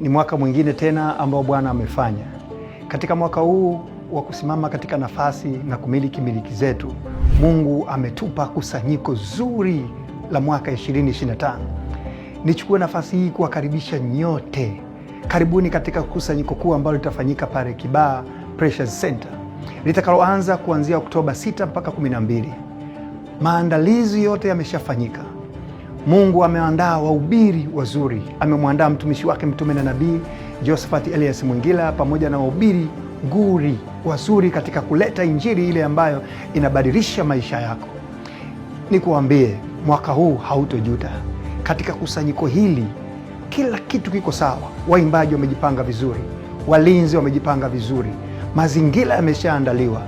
Ni mwaka mwingine tena ambao Bwana amefanya. Katika mwaka huu wa kusimama katika nafasi na kumiliki miliki zetu, Mungu ametupa kusanyiko zuri la mwaka 2025. Nichukue nafasi hii kuwakaribisha nyote, karibuni katika kusanyiko kuu ambalo litafanyika pale kibaa Precious Center litakaloanza kuanzia Oktoba 6 mpaka 12. Maandalizi yote yameshafanyika. Mungu ameandaa wahubiri wazuri, amemwandaa mtumishi wake mtume na nabii Josephat Elias Mwingila pamoja na wahubiri nguri wazuri katika kuleta injili ile ambayo inabadilisha maisha yako. Nikuambie, mwaka huu hautojuta. Katika kusanyiko hili kila kitu kiko sawa, waimbaji wamejipanga vizuri, walinzi wamejipanga vizuri, mazingira yameshaandaliwa.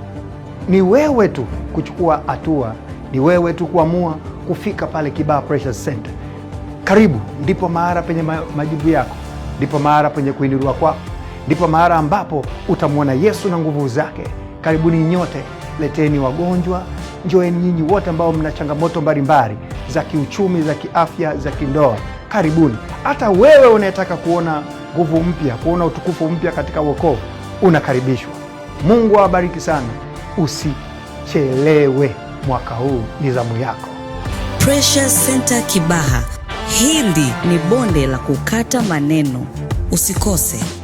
Ni wewe tu kuchukua hatua, ni wewe tu kuamua kufika pale kibaa Pressure Center. Karibu, ndipo mahara penye majibu yako, ndipo mahara penye kuinuliwa kwako, ndipo mahara ambapo utamwona Yesu na nguvu zake. Karibuni nyote, leteni wagonjwa, njoeni nyinyi wote ambao mna changamoto mbalimbali za kiuchumi, za kiafya, za kindoa. Karibuni. Hata wewe unayetaka kuona nguvu mpya, kuona utukufu mpya katika wokovu, unakaribishwa. Mungu awabariki sana. Usichelewe, mwaka huu ni zamu yako. Pressure Center Kibaha. Hili ni bonde la kukata maneno. Usikose.